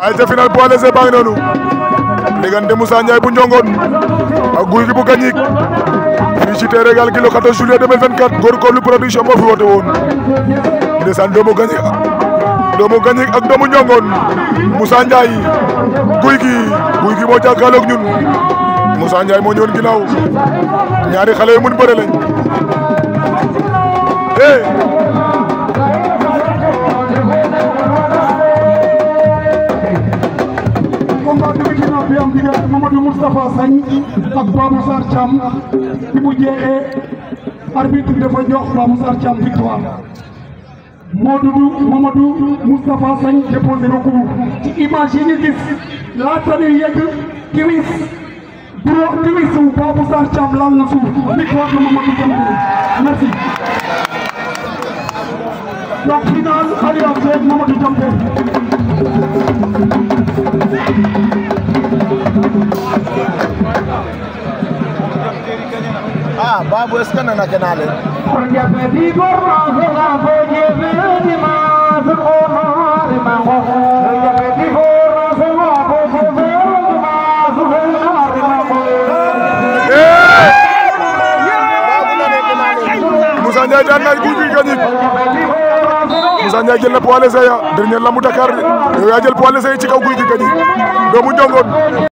ay ca final poids léger baa ngi noonu diggante Moussa Ndiaye bu Njongoon ak Gouy Gui bu Gagnick fii ci terrain Gaal gi le 14 juillet 2024 góorgóorlu production moo fi woote woon doomu Gagnick doomu Gagnick ak doomu Njongoon Moussa Ndiaye Gouy Gui Gouy Gui moo jàkkaarloog ñun Moussa Ndiaye moo ñëwoon ginnaaw ñaari xale yu mun bëre lañ ginnaaw bi am diggante Mamadou Moustapha ak Babou Sarr Thiam bi mu jeexee arbitre bi jox Babou Sarr Thiam victoire Modou Mamadou Moustapha Sagne déposé recours ci image yi ñu gis laata ñuy yegg timis bureau timis wu Babou Sarr Thiam laal na suuf victoire de Mamadou Diambo merci donc final Aliou Mamadou Diambo Ah, babu eskana na kenale. Moussa Ndiaye daan na guuj bi gañit Moussa Ndiaye jël na poids léger ya dernier lambu Dakar yow yaa jël poids ci kaw guuj bi gañit doomu ñongoon